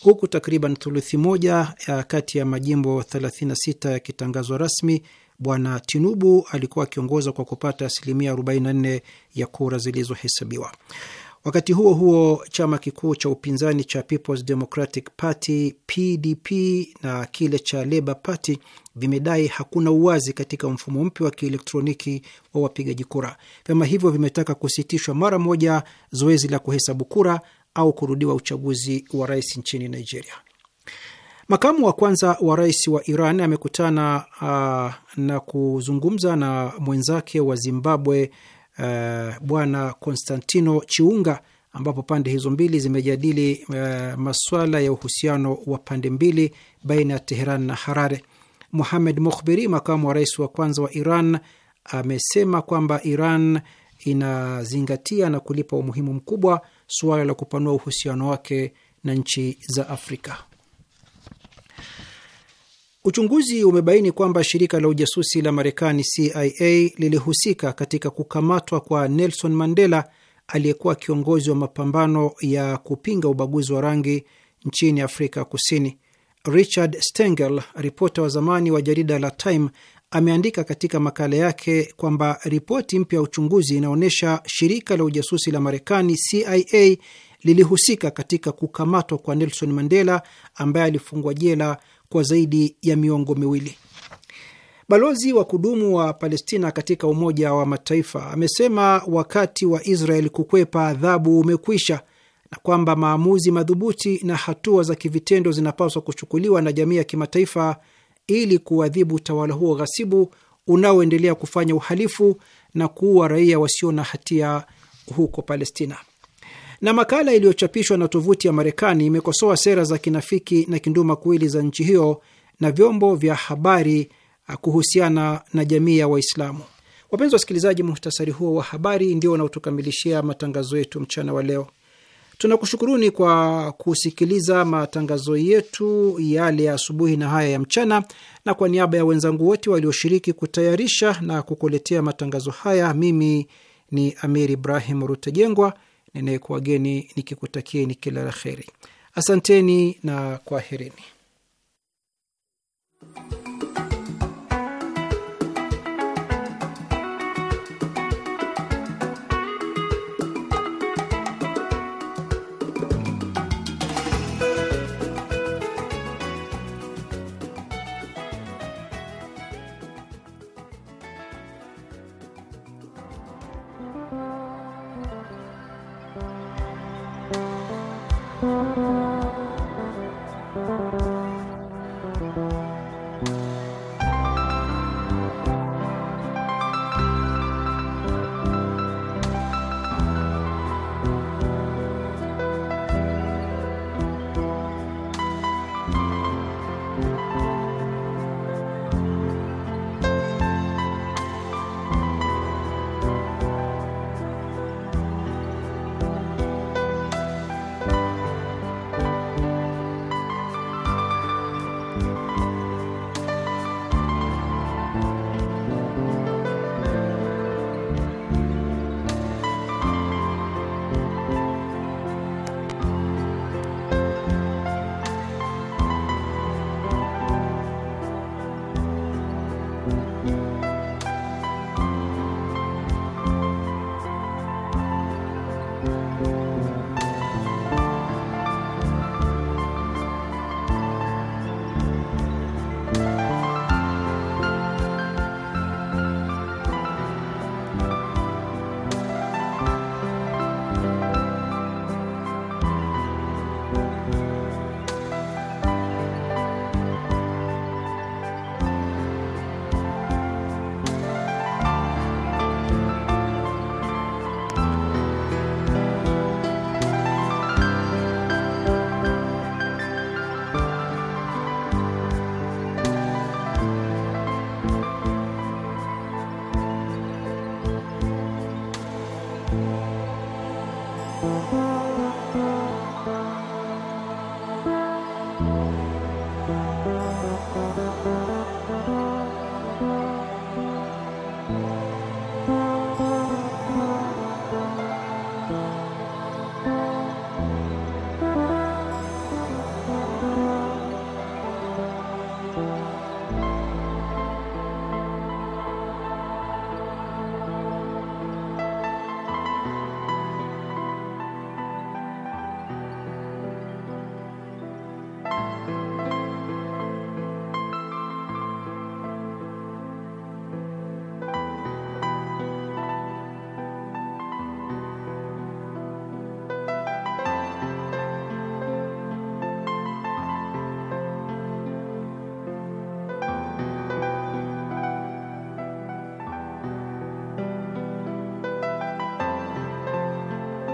huku takriban thuluthi moja ya eh, kati ya majimbo 36 yakitangazwa rasmi. Bwana Tinubu alikuwa akiongoza kwa kupata asilimia 44 ya kura zilizohesabiwa. Wakati huo huo, chama kikuu cha upinzani cha People's Democratic Party PDP na kile cha Labour Party vimedai hakuna uwazi katika mfumo mpya wa kielektroniki wa wapigaji kura. Vyama hivyo vimetaka kusitishwa mara moja zoezi la kuhesabu kura au kurudiwa uchaguzi wa rais nchini Nigeria. Makamu wa kwanza wa rais wa Iran amekutana uh, na kuzungumza na mwenzake wa Zimbabwe uh, bwana Konstantino Chiunga, ambapo pande hizo mbili zimejadili uh, maswala ya uhusiano wa pande mbili baina ya Teheran na Harare. Muhamed Mukhbiri, makamu wa rais wa kwanza wa Iran, amesema kwamba Iran inazingatia na kulipa umuhimu mkubwa suala la kupanua uhusiano wake na nchi za Afrika. Uchunguzi umebaini kwamba shirika la ujasusi la Marekani CIA lilihusika katika kukamatwa kwa Nelson Mandela aliyekuwa kiongozi wa mapambano ya kupinga ubaguzi wa rangi nchini Afrika Kusini. Richard Stengel, ripota wa zamani wa jarida la Time, ameandika katika makala yake kwamba ripoti mpya ya uchunguzi inaonyesha shirika la ujasusi la Marekani CIA lilihusika katika kukamatwa kwa Nelson Mandela ambaye alifungwa jela kwa zaidi ya miongo miwili. Balozi wa kudumu wa Palestina katika Umoja wa Mataifa amesema wakati wa Israel kukwepa adhabu umekwisha na kwamba maamuzi madhubuti na hatua za kivitendo zinapaswa kuchukuliwa na jamii ya kimataifa ili kuadhibu utawala huo ghasibu unaoendelea kufanya uhalifu na kuua raia wasio na hatia huko Palestina. Na makala iliyochapishwa na tovuti ya Marekani imekosoa sera za kinafiki na kinduma kuwili za nchi hiyo na vyombo vya habari uh, kuhusiana na jamii ya Waislamu. Wapenzi wasikilizaji, muhtasari huo wa habari ndio unaotukamilishia matangazo yetu mchana wa leo. Tunakushukuruni kwa kusikiliza matangazo yetu yale ya asubuhi na haya ya mchana, na kwa niaba ya wenzangu wote walioshiriki kutayarisha na kukuletea matangazo haya, mimi ni Amir Ibrahim Rutejengwa ninayekuwageni nikikutakieni kila la kheri. Asanteni na kwaherini.